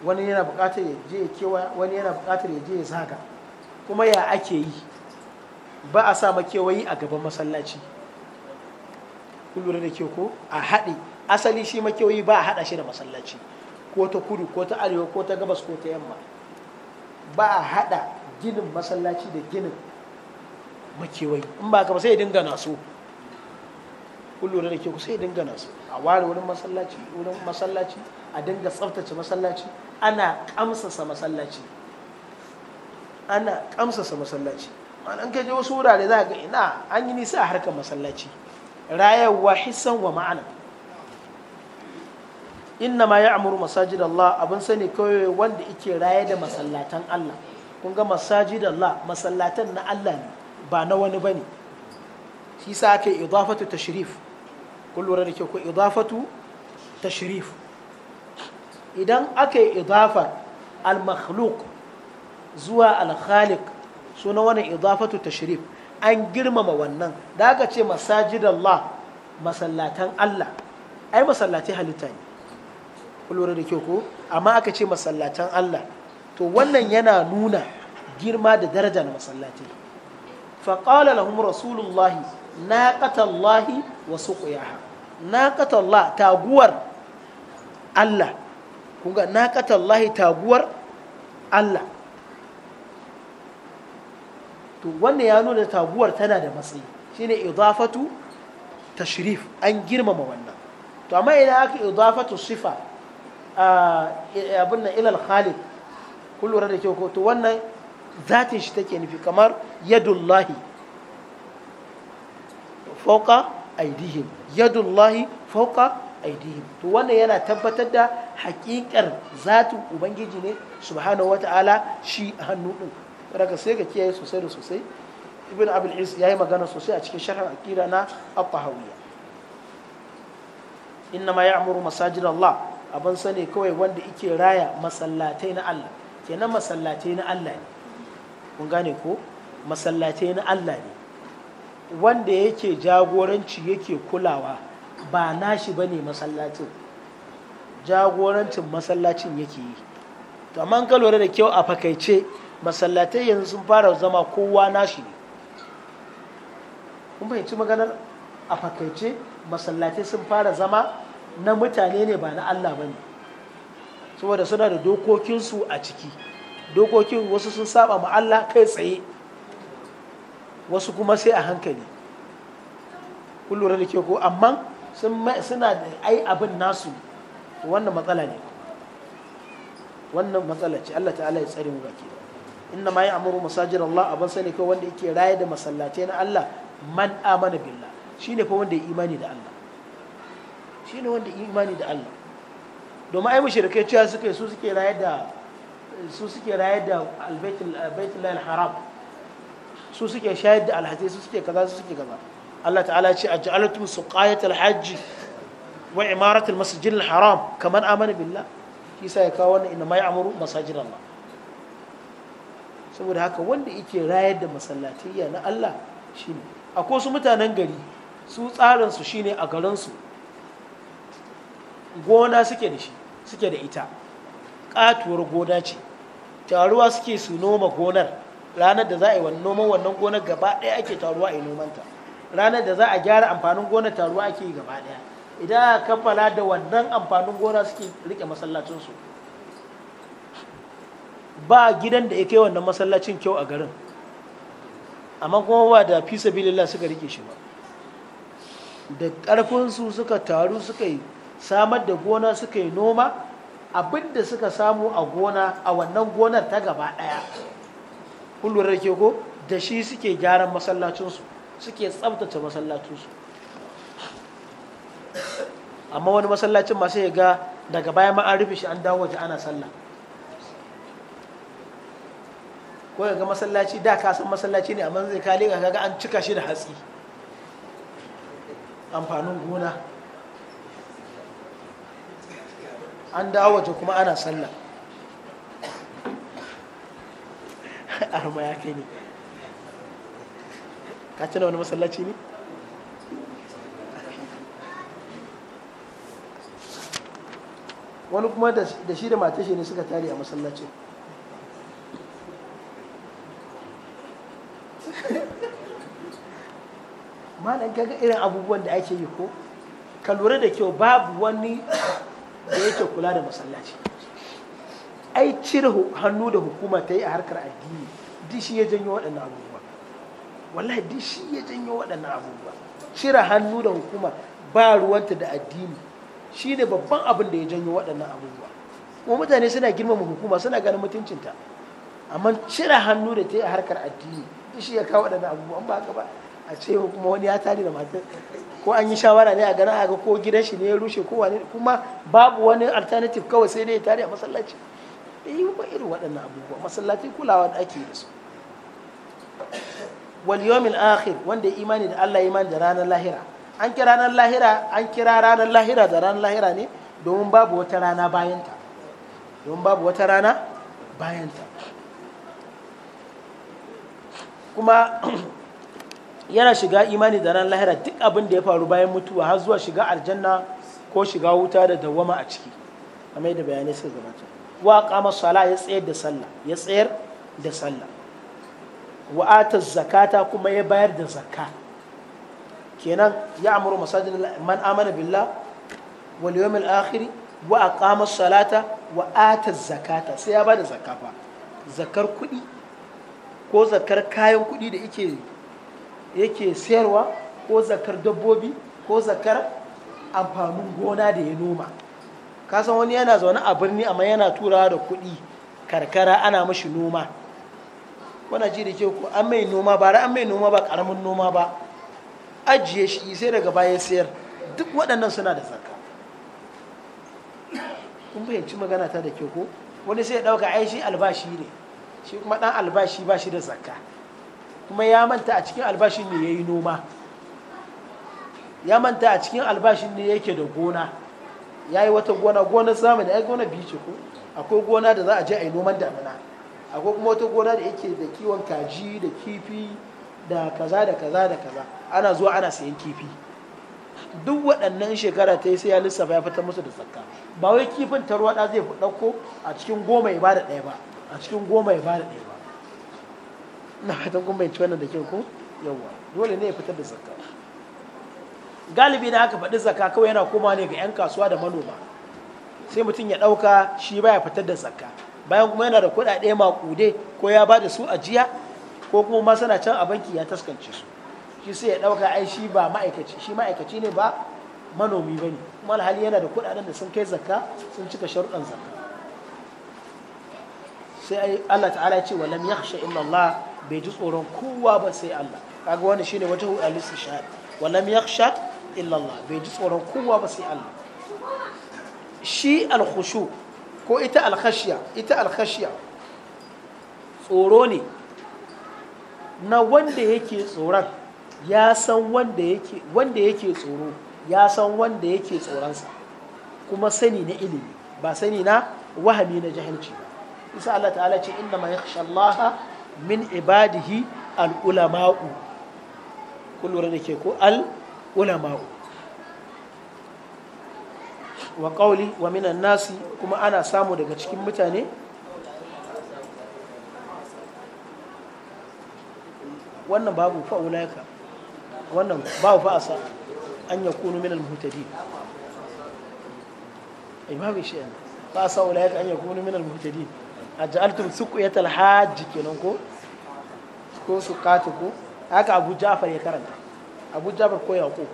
wani yana bukatar ya je ya kewa wani yana bukatar ya je ya zaga kuma ya ake yi ba a sa makewayi a gaban masallaci kun da ke ko a haɗe asali shi makewayi ba a haɗa shi da masallaci ko ta kudu ko ta arewa ko ta gabas ko ta yamma ba a haɗa ginin masallaci da ginin makewai in ba ka ba sai ya dinga naso kun lura da ke ku sai ya dinga naso a ware wurin masallaci wurin masallaci a dinga tsaftace masallaci ana kamsasa masallaci ana kamsasa masallaci an kai wasu wurare za ga ina an yi nisa a harkar masallaci rayarwa hisan wa ma'ana inna ma ya amuru masajid Allah abin sani kawai wanda ike raye da masallatan Allah kun ga masajid Allah masallatan na Allah ne ba na wani ba ne shi sa ake idafatu tashrif kun lura da ke ko idafatu tashrif idan aka yi idafar al-makhluq zuwa al-khaliq suna wani idafatu tashrif an girmama wannan da aka ce masajidallah masallatan Allah ai masallatai halitta ne lura da kyau ko amma aka ce masallatan Allah to wannan yana nuna girma da daraja na masallatai فقال لهم رسول الله ناقة الله وسقياها ناقة الله تاغور الله كونغا ناقة الله تاغور الله to wannan ya nuna taguwar tana da matsayi shine idafatu tashrif an girmama wannan to amma idan aka idafatu sifa abin nan ilal khaliq kun lura da kyau to wannan zatin shi take nufi kamar yadullahi fauka aidihim yadullahi fauka aidihim to wannan yana tabbatar da hakikar zatin ubangiji ne subhanahu wata'ala shi hannu din daga sai ka kiyaye sosai da sosai ibn abul is yayi magana sosai a cikin sharh aqida na at-tahawiyya inna ma ya'muru masajid Allah abin sane kawai wanda ike raya masallatai na Allah kenan masallatai na Allah ne kun gane ko masallatai na Allah ne wanda yake jagoranci yake kulawa ba nashi ba ne masallacin jagorancin masallacin yake yi to amma ka lura da kyau a fakaice masallatai yanzu sun fara zama kowa nashi ne kuma fahimci maganar a fakaice masallatai sun fara zama na mutane ne ba na Allah ba ne saboda suna da dokokinsu a ciki dokokin wasu sun saba ma Allah kai tsaye wasu kuma sai a hankali kun da ke ko amma suna da ai abin nasu wannan matsala ne wannan matsala ce Allah ta'ala ya tsare mu baki inna ma ya'muru masajid Allah aban sani kawai wanda yake raye da masallatai na Allah man amana billah shine fa wanda ya imani da Allah shine wanda ya imani da Allah domin ai mushrikai cewa suke su suke raye da su suke raye da albaitul baitul haram su suke shayar da alhazai su suke kaza su suke kaza Allah ta'ala ce aj'alatum suqayat alhajj wa imarat almasjid alharam kaman amana billah kisa ya kawo wannan inna ya'muru masajid Allah saboda haka wanda yake rayar da masallatayya na Allah shine akwai su mutanen gari su tsarin su shine a garin su gona suke da shi suke da ita katuwar gona ce taruwa suke su noma gonar ranar da za a yi noman wannan gonar gaba ɗaya ake taruwa a yi nomanta ranar da za a gyara amfanin gonar taruwa ake yi gaba ɗaya idan aka kammala da wannan amfanin gona suke rike masallacinsu ba gidan da ya kai wannan masallacin kyau a garin amma kuma ba da fisa sabilillah suka rike shi ba da ƙarfinsu suka taru suka yi samar da gona suka yi noma Abinda suka samu a gona a wannan gonar ta gaba ɗaya kullum da ke ko da shi suke gyaran masallacinsu suke tsabtace masallacinsu amma wani masallacin masu ya ga daga baya ma an rufe shi an dawo waje ana sallah ko ga masallaci da ka san masallaci ne amma zai kale ga kaga an cika shi da hatsi amfanin gona an dawo waje kuma ana sallah arma ya kai ne ka tuna wani masallaci ne wani kuma da shi da mata shi ne suka tare a masallacin malam kaga irin abubuwan da ake yi ko ka lura da kyau babu wani da yake kula da masallaci ai cire hannu da hukuma ta yi a harkar addini duk shi ya janyo waɗannan abubuwa wallahi duk shi ya janyo waɗannan abubuwa cire hannu da hukuma ba ruwanta da addini shi ne babban abin da ya janyo waɗannan abubuwa kuma mutane suna girmama hukuma suna ganin mutuncinta amma cire hannu da ta yi a harkar addini duk shi ya kawo waɗannan abubuwa ba haka ba a ce kuma wani ya tare da matar ko an yi shawara ne a gana a ga ko gidan shi ne ya rushe ko wani kuma babu wani alternative kawai sai dai ya tare a masallaci yi ba irin waɗannan abubuwa masallaci kulawa da ake da su wal yawmil akhir wanda imani da Allah imani da ranar lahira an kira ranar lahira an kira ranar lahira da ranar lahira ne domin babu wata rana bayanta domin babu wata rana bayanta kuma yana shiga imani da ranar lahira duk abin da ya faru bayan mutuwa har zuwa shiga aljanna ko shiga wuta da dawwama a ciki a mai da bayanai suka gabata wa kama sala ya tsayar da sallah ya tsayar da sallah wa ata zakata kuma ya bayar da zakka kenan ya amuru masajin man amana billah wal al akhir wa aqama salata wa ata zakata sai ya bada zakka fa zakkar kudi ko zakkar kayan kudi da yake yake sayarwa ko zakkar dabbobi ko zakkar amfanin gona da ya noma kasan wani yana zaune a birni amma yana turawa da kuɗi karkara ana mashi noma wana ji da ke ku an mai noma ba an mai noma ba karamin noma ba ajiye shi sai daga baya sayar duk waɗannan suna da zakka kun fahimci magana ta da ke ko wani sai ya ɗauka ai shi albashi ne shi kuma ɗan albashi ba shi da zakka kuma ya manta a cikin albashin ne ya yi noma ya manta a cikin albashin ne yake da gona ya yi wata gona gonar da ya gona biyu ce ko akwai gona da za a je a yi noman damina akwai kuma wata gona da yake da kiwon kaji da kifi da kaza da kaza da kaza ana zuwa ana sayan kifi duk waɗannan shekara ta yi sai ya lissafa ya fitar musu da tsakka ba wai kifin ruwa zai fi ɗauko a cikin goma ya bada ɗaya ba a cikin goma ya bada ɗaya ba na fatan kun bai ci wannan da kyau ko yawwa dole ne ya fitar da tsakka galibi na aka faɗi zaka kawai yana koma ne ga 'yan kasuwa da manoma sai mutum ya ɗauka shi baya fitar da zaka bayan kuma yana da kuɗaɗe makude ko ya ba da su ajiya ko kuma suna can a banki ya taskance su shi sai ya ɗauka ai shi ba ma'aikaci shi ma'aikaci ne ba manomi ba ne kuma alhali yana da kuɗaɗen da sun kai zaka sun cika sharuɗan zaka sai Allah ta'ala ya ce wa lam yakhsha illa Allah bai ji tsoron kowa ba sai Allah kaga wannan shine wata hu'alisu al wa lam yakhsha illallah bai ji tsoron kowa ba sai Allah shi alkhushu ko ita alkhashiya ita alkhashiya tsoro ne na wanda yake tsoron ya san wanda yake wanda yake tsoro ya san wanda yake tsoronsa kuma sani na ilimi ba sani na wahami na jahilci isa Allah ta'ala ce inna ma yakhsha Allah min ibadihi al ulama'u kullura da ke ko al ulama'u wa kauli wa minan nasi kuma ana samu daga cikin mutane wannan babu fa'ulaika wannan babu fa'asa an ya kunu minal muhtadi imamu shi yana fa'asa ulaika an ya kunu minal muhtadi a ja'altum suqyatal hajji kenan ko ko su ko haka abu ja'far ya karanta abu jafar ko yaqub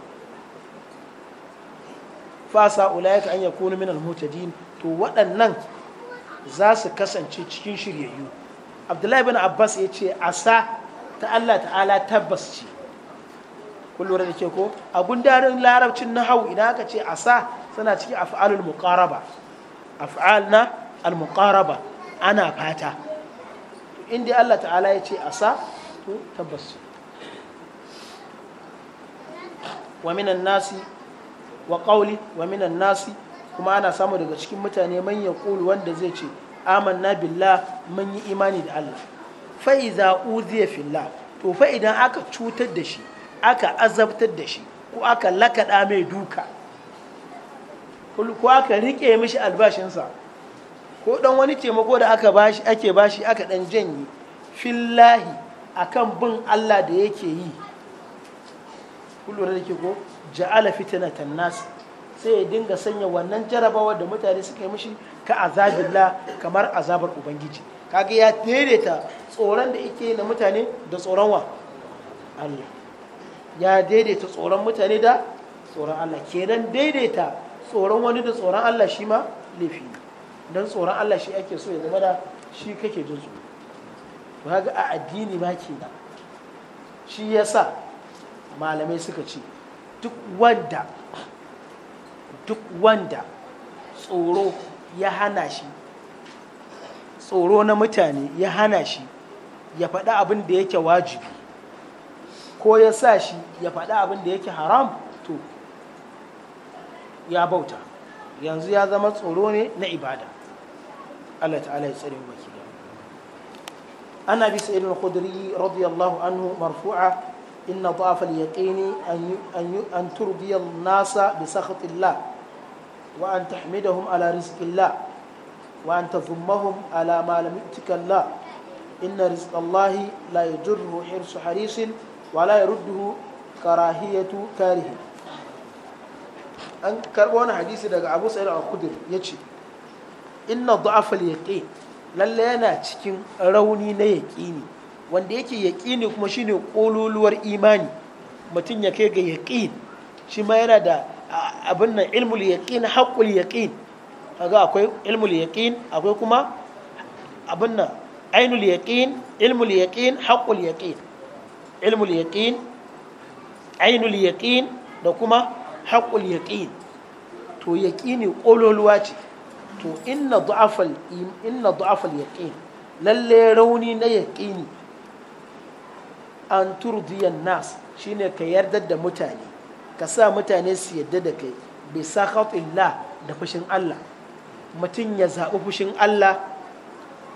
fasa ulayaka an yakunu min al-muhtadin to waɗannan za su kasance cikin shiryayyu abdullahi bin abbas ya ce asa ta allah ta'ala tabbas ce kun da ke ko abun darin larabcin na hau ina aka ce asa suna cikin af'alul muqaraba af'al na al muqaraba ana fata inda allah ta'ala ya ce asa to tabbas ce wa minan nasi wa kauli wa minan nasi kuma ana samu daga cikin mutane manyan ƙulu wanda zai ce amanna billah mun yi imani da Allah fa'iza idza fillah to fa idan aka cutar da shi aka azabtar da shi ko aka lakada mai duka ko aka rike mishi albashinsa ko dan wani taimako da aka bashi ake bashi aka dan janye fillahi akan bin Allah da yake yi kullum da ke ko ja'ala fitina tannas sai ya dinga sanya wannan jarabawa da mutane suka yi mishi ka azabillah kamar azabar ubangiji kaga ya daidaita tsoron da yake na mutane da tsoron wa Allah ya daidaita tsoron mutane da tsoron Allah kenan daidaita tsoron wani da tsoron Allah shi ma laifi don tsoron Allah shi ake so ya zama da shi kake jin tsoro ga a addini ma kenan shi yasa malamai suka ce duk wanda duk wanda tsoro ya hana shi tsoro na mutane ya hana shi ya faɗi abin da yake wajibi ko ya sa shi ya faɗi abin da yake haram to ya bauta yanzu ya zama tsoro ne na ibada Allah ta'ala ya tsare baki da ana bisa irin khudri radiyallahu anhu marfu'a inna da'afal yaqini an an turdiya nasa bi sakhatillah wa an tahmidahum ala rizqillah wa an ala ma inna rizqallahi la yajurru hirsu harisin wa la yarudduhu karahiyatu karihin an karɓo wani hadisi daga abu sa'id al ya ce inna du'afal yaqin lalle yana cikin rauni na yaƙini. wanda yake ne kuma shine ƙololuwar imani mutum ya kai ga yaƙin shi ma yana da abin nan ilmul yaƙin haƙul yaƙin kaga akwai ilmul yaƙin akwai kuma abin nan ainul yaƙin ilmul yaƙin haƙul yaƙin ilmul yaƙin ainul yaƙin da kuma haƙul yaƙin to ne ƙololuwa ce to inna du'afal inna du'afal yaqin lalle rauni na yaqini an turdiyan nas shine ka yarda da mutane ka sa mutane su yarda da kai bai sa illa da fushin Allah mutum ya zaɓi fushin Allah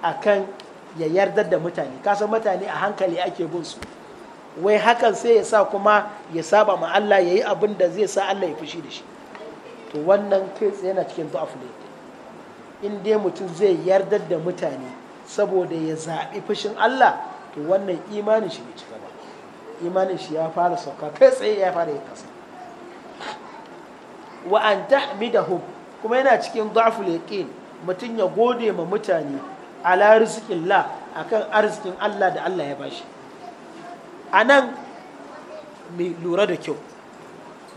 akan ya yarda da mutane kasan mutane a hankali ake bin su wai hakan sai ya sa kuma ya saba ma Allah ya yi abin da zai sa Allah ya fushi da shi to wannan kai tsaye yana cikin du'aful in dai mutum zai yarda da mutane saboda ya zaɓi fushin Allah to wannan imanin shi ne cika gaba imanin shi ya fara sauka kai tsaye ya fara yin kasa wa an tahmidahum kuma yana cikin dhaful yaqin mutum ya gode ma mutane ala rizqin la akan arzikin Allah da Allah ya bashi anan mai lura da kyau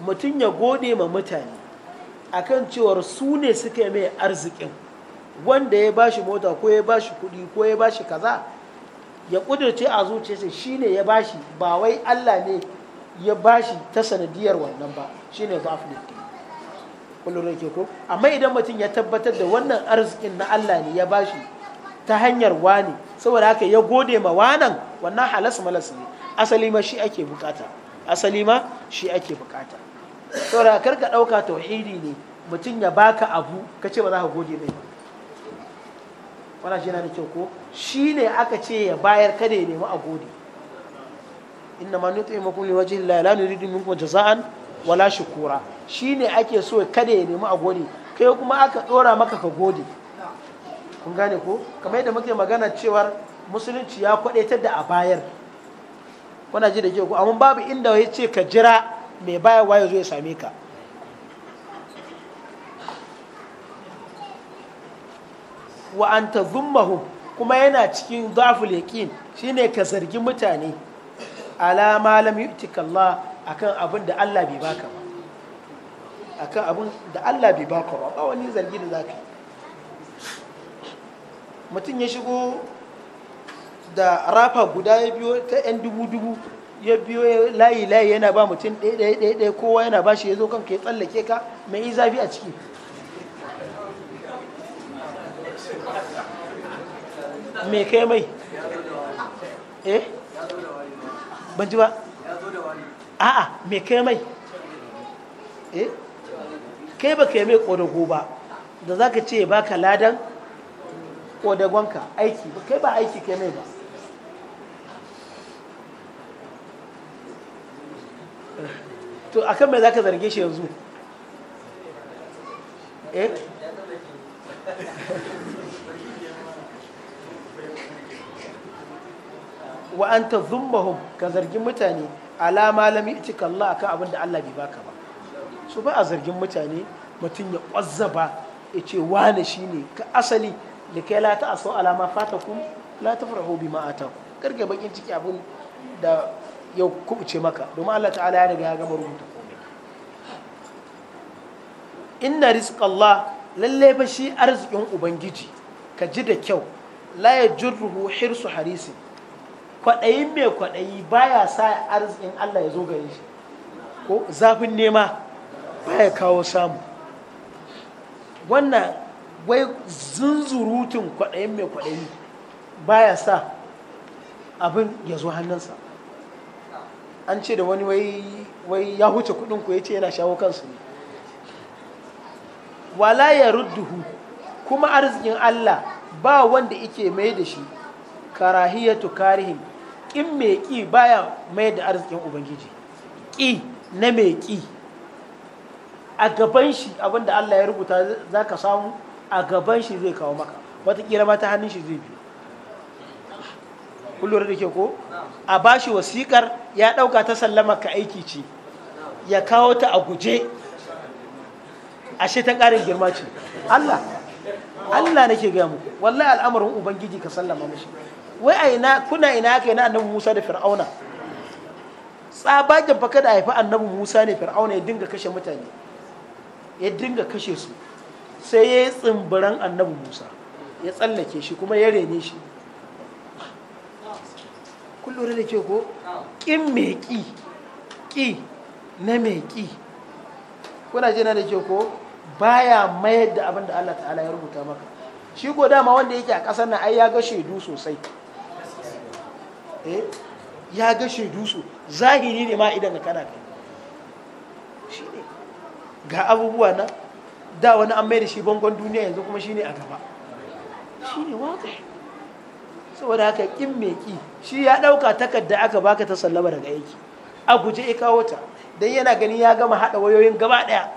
mutum ya gode ma mutane akan cewar su ne suka yi mai arzikin wanda ya bashi mota ko ya bashi kuɗi ko ya bashi kaza ya ƙudurce a zuciyarsa shi ne ya bashi ba wai Allah ne ya bashi ta sanadiyar wannan ba shi ne ne kullum ke ko amma idan mutum ya tabbatar da wannan arzikin na Allah ne ya bashi ta hanyar wani saboda haka ya gode ma wanan wannan halas malas ne asali ma shi ake bukata asali ma shi ake bukata saboda karka dauka tauhidi ne mutum ya baka abu ka ce ba za ka gode mai ba Wala shi na da kyau ko shi ne aka ce ya bayar kada ya nemi a gode inna ma nutu ima kulli waje la la nuridu minkum jaza'an wala shukura shi ne ake so kada ya nemi a gode kai kuma aka dora maka ka gode kun gane ko kamar yadda muke magana cewar musulunci ya kwadaitar da a bayar kuna ji da kyau ko amma babu inda ya ce ka jira mai bayarwa ya zo ya same ka wa an tazummahum kuma yana cikin dhaful shi shine ka zargi mutane ala ma lam a kan abin da Allah bai baka ba kan abin da Allah bai baka ba ba wani zargi da zafi mutum ya shigo da rafa guda ya biyo ta 'yan dubu-dubu ya biyo layi-layi yana ba mutum ɗaya-ɗaya kowa yana ba shi ya zo kanka ya tsallake ka mai zafi a ciki me kai mai eh ban ji ba a'a me kai mai eh kai ba kai mai kodago ba da za ka ce ba ka ladan kodagonka aiki kai ba aiki kai mai ba to akan mai za ka zarge shi yanzu eh wa an ta ka zargin mutane alama lam yi'tika Allah akan abin da Allah bai baka ba su ba a zargin mutane mutum ya kwazzaba ya ce wane shine ka asali da kai la ta sau alama ku la tafrahu bima ataku karge bakin ciki abin da ya kubuce maka domin Allah ta'ala ya riga ya gama rubuta komai inna rizqallah lalle ba shi arzikin ubangiji ka ji da kyau la yajruhu hirsu harisi kwaɗayin mai kwaɗayi baya sa arzikin Allah ya zo gare shi ko zafin nema baya kawo samu wannan wai zunzurutun kwaɗayin mai kwaɗayi baya sa abin ya zo hannunsa an ce da wani wai ya huce kuɗin ku ya ce yana shawo kansu ne wala ya rudduhu kuma arzikin Allah ba wanda ike mai da shi karahiyatu karihim ƙin mai ƙi baya mai da arzikin ubangiji ƙi na mai ƙi a gaban shi abinda Allah ya rubuta za ka samu a gaban shi zai kawo maka watakila ma ta hannun shi zai biyu kullum da ke ko a ba shi wasiƙar ya ɗauka ta sallama ka aiki ce ya kawo ta a guje ashe ta ƙarin girma ce Allah Allah ke gaya muku wallahi al'amarin ubangiji ka sallama mashi wai a ina kuna ina aka yi na annabi musa da fir'auna tsabagen fa kada haifi annabi musa ne fir'auna ya dinga kashe mutane ya dinga kashe su sai ya yi tsimbiran annabi musa ya tsallake shi kuma ya rene shi kun lura da ke ko ƙin me ƙi ƙi na me ƙi kuna jina da ke ko baya mayar da abin da allah ta'ala ya rubuta maka shi ko dama wanda yake a ƙasar na ai ya ga shaidu sosai Eh? ya ga shaidu su zahiri ne ma idan kana kai shi ne ga abubuwa na da wani an mai shi bangon duniya yanzu kuma shi ne a gaba shi ne wata saboda haka kin mai shi ya ɗauka takarda aka baka ta sallama daga aiki a guje ya kawo ta don yana gani ya gama haɗa wayoyin gaba ɗaya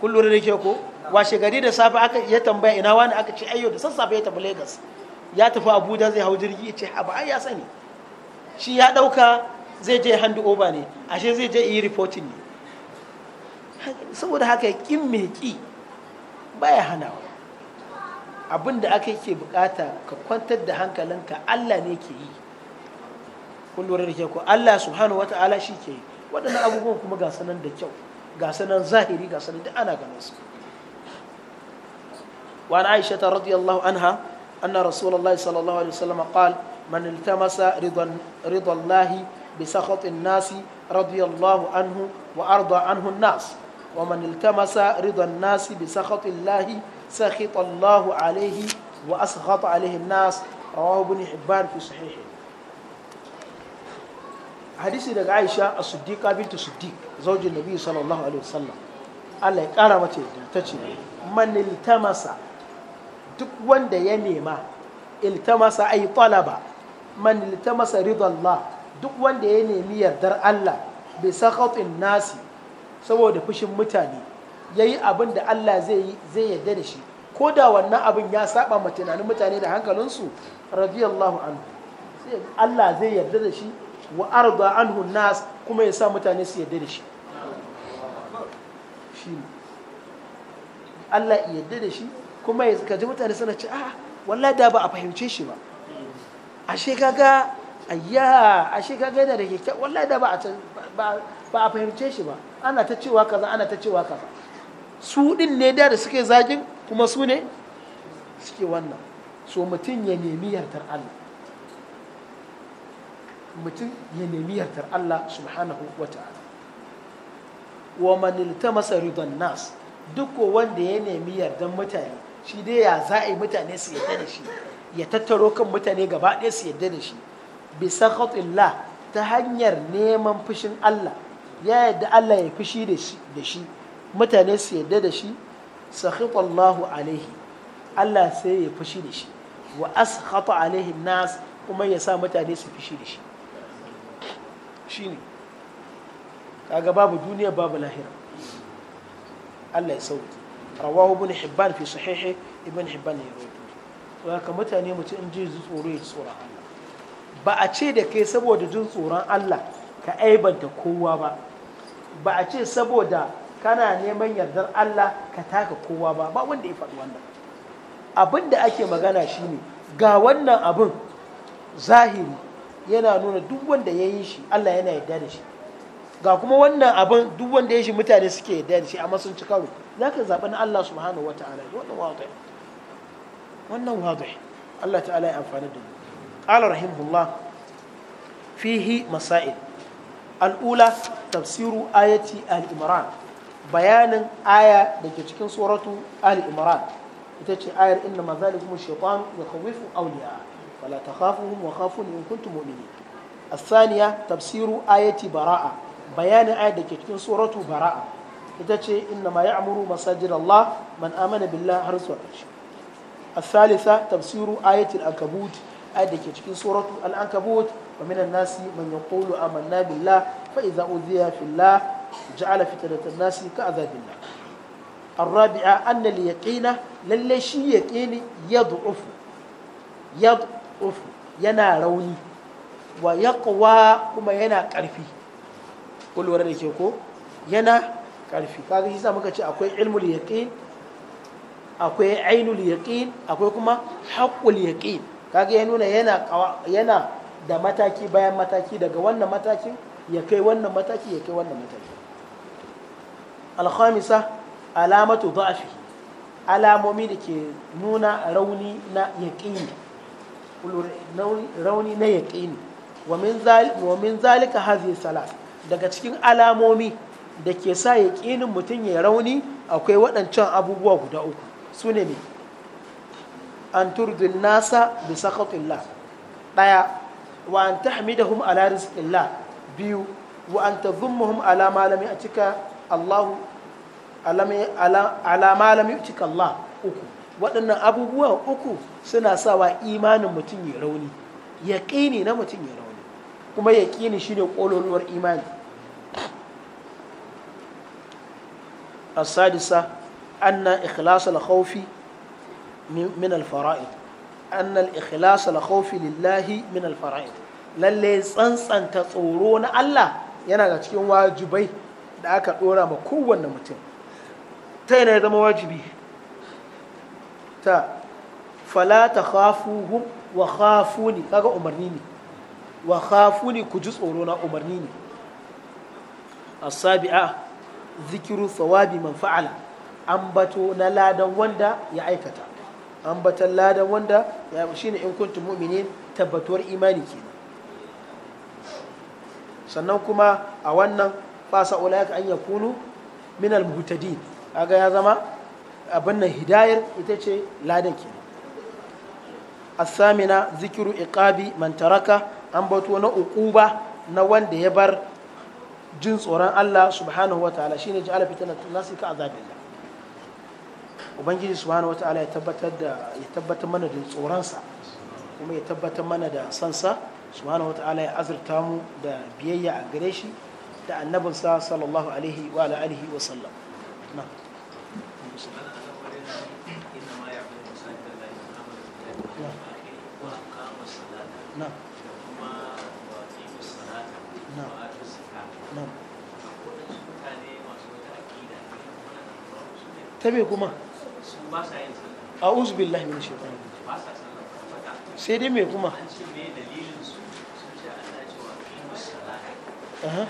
kullum da ke ko washe gari da safe aka ya tambaya ina wani aka ce ayyau da sassafe ya tafi lagos ya tafi abuja zai hau jirgi ya ce abu ai ya sani shi ya ɗauka zai je handu Oba ne ashe zai je yi reporting ne saboda haka ya ƙin mai ƙi baya hanawa abin da aka yake bukata ka kwantar da hankalinka allah ne ke yi kun lura da ke ko allah subhanahu wa ta'ala shi ke yi waɗannan abubuwan kuma ga sanan da kyau ga sanan zahiri ga sanan da ana ganin su وعن عائشة radiyallahu anha. أن رسول الله صلى الله عليه وسلم قال من التمس رضا, رضا الله بسخط الناس رضي الله عنه وأرضى عنه الناس ومن التمس رضا الناس بسخط الله سخط الله عليه وأسخط عليه الناس رواه ابن حبان في صحيحه حديث daga عائشة الصديقة بنت الصديق زوج النبي صلى الله عليه وسلم Allah ya kara mace ta ce duk wanda ya nema iltamasa ay talaba man iltamasa ridallah duk wanda ya nemi yardar Allah bi sakhatin nasi saboda fushin mutane yayi abin da Allah zai zai yarda da shi ko da wannan abin ya saba ma tunanin mutane da hankalinsu radiyallahu anhu Allah zai yarda da shi wa arda anhu nas kuma ya sa mutane su yarda da shi yarda da shi kuma ya kaji mutane suna ce ah wallahi da ba a fahimce shi ba ashe kaga ayya ashe kaga yana da kyakkyawa wallahi da ba a fahimce shi ba ana ta cewa kaza ana ta cewa kaza su din ne da da suke zagin kuma su ne suke wannan so mutum ya nemi yartar Allah mutum ya nemi yartar Allah subhanahu wa ta'ala wa man iltamasa ridan nas duk wanda ya nemi yardan mutane shi dai ya za a yi mutane su yadda da shi ya tattaro kan mutane gaba ɗaya su yadda da shi bi sakhatillah ta hanyar neman fushin Allah ya yadda Allah ya fushi da shi mutane su yadda da shi sakhatallahu alaihi Allah sai ya fushi da shi wa askhata alaihi nas kuma ya sa mutane su fushi da shi shine kaga babu duniya babu lahira Allah ya sauke rawahu ibn hibban fi sahihi ibn hibban ya rawaito to haka mutane mutum in ji tsoro ya tsoron Allah ba a ce da kai saboda jin tsoron Allah ka aibanta kowa ba ba a ce saboda kana neman yardar Allah ka taka kowa ba ba wanda ya faɗi wannan abin da ake magana shine ga wannan abin zahiri yana nuna duk wanda ya yi shi Allah yana yarda da shi ga kuma wannan abin duk wanda ya shi mutane suke yarda da shi amma sun ci karo za ka zaɓi na Allah subhanahu wa ta'ala wannan wadai wannan wadai Allah ta'ala ya amfani da mu qala rahimahullah fihi masail al'ula tafsiru ayati al-imran bayanin aya da ke cikin suratu al-imran ita ce ayar inna ma zalikum shaytan yakhawifu awliya fala takhafuhum wa khafun in kuntum mu'minin الثانية تفسير آية براءة بيان آية cikin suratu bara'a. ita ce inna ma ya'muru masajid Allah man amana billah har zuwa ƙarshe الثالثة تفسير آية الأنكبوت آية cikin سورة الأنكبوت ومن الناس من يقول آمنا بالله فإذا أوذي في الله جعل فتنة الناس كعذاب الله الرابعة أن اليقين للي شي يقين يضعف يضعف ينا روني ويقوى كما ينا كارفي قل ورد ينا karfi kaga shi sa muka ce akwai ilmul yaqin akwai ainul yaqin akwai kuma haqqul yaqin kaga ya nuna yana yana da mataki bayan mataki daga wannan matakin ya kai wannan mataki ya kai wannan mataki alhamisa alamatu da'afi alamomi da ke nuna rauni na yaqini rauni na yaqini wa min zalika hadhihi salat daga cikin alamomi da ke sa ya ƙinin mutum ya rauni akwai waɗancan abubuwa guda uku su ne ne an turdin nasa bi sakatillah ɗaya wa an tahmidahum ala rizqillah biyu wa an tadhummuhum ala ma a cika Allah ala ma a cika Allah uku waɗannan abubuwa uku suna sawa imanin mutum ya rauni yaƙini na mutum ya rauni kuma yaƙini shine ƙololuwar imani السادسة أن إخلاص الخوف من الفرائض أن الإخلاص الخوف لله من الفرائض lalle tsantsanta tsoro na Allah yana ga cikin wajibai da aka dora ma kowanne mutum ta yana zama wajibi ta fala ta khafuhum wa khafuni kaga umarni ne wa khafuni ku ji tsoro na umarni ne asabi'a zikiru sawabi man fa'ala ambato na ladan wanda ya aikata ambatan ladan wanda ya shine in kuntum mu'minin tabbatuwar imani kenan sannan kuma a wannan fasa ulaika an yakunu min al-muhtadin kaga ya zama abin nan hidayar ita ce ladan kenan asamina zikiru iqabi man taraka ambato na uquba na wanda ya bar jin tsoron Allah subhanahu wa wataala shine ja'ala fitnat nasi ka azabillah ubangiji subhanahu wataala ya tabbatar da ya tabbatar mana da tsoron sa kuma ya tabbatar mana da san sa subhanahu ta'ala ya azurta mu da biyayya a gare shi da annabin sa sallallahu alaihi wa alihi wa sallam na No. ta me kuma a uzbillahi min shaitan sai dai me kuma a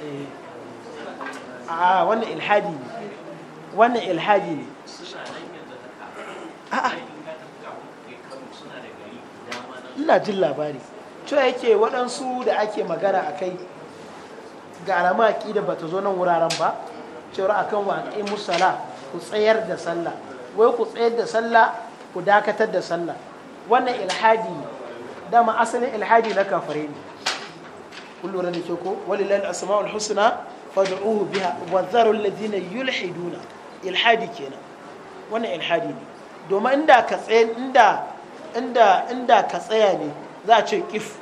eh. ah, wannan ilhadi ne wannan ilhadi ne ina jin labari cewa yake waɗansu da ake magana a kai ga alama aƙida ba ta zo nan wuraren ba cewar akan wa aqimu musala ku tsayar da sallah wai ku tsayar da sallah ku dakatar da sallah wannan ilhadi dama asalin ilhadi na kafare ne kullum lura da ke ko wani walillahi asmaul husna fad'uhu biha wa dharu alladhina yulhiduna ilhadi kenan wannan ilhadi ne domin inda ka inda ka tsaya ne za a ce kif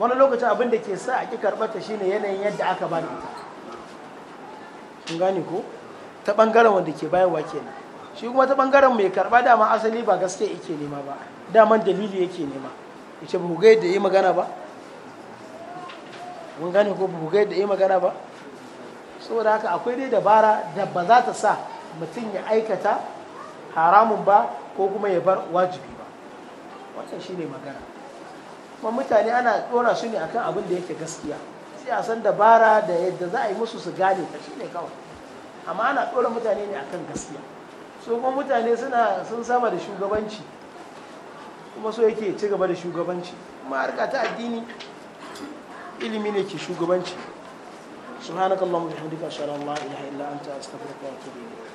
wani lokacin abin da ke sa a ki shi ne yanayin yadda aka ba da ita kun gane ko ta ɓangaren wanda ke bayarwa kenan shi kuma ta ɓangaren mai karɓa dama asali ba gaske yake nema ba daman dalili yake nema ita ba ku ga yadda yi magana ba kun gane ko ba ku ga yadda yi magana ba saboda haka akwai dai dabara da ba za ta sa mutum ya aikata haramun ba ko kuma ya bar wajibi ba wannan shine magana kuma mutane ana dora su ne akan abin da yake gaskiya sai a san dabara da yadda za a yi musu su gane ta shi ne kawai amma ana dora mutane ne akan gaskiya so kuma mutane suna sun sama da shugabanci kuma so yake ci gaba da shugabanci kuma harka ta addini ilimi ne ke shugabanci subhanakallahumma wa bihamdika ashhadu an la ilaha illa anta astaghfiruka wa atubu ilayk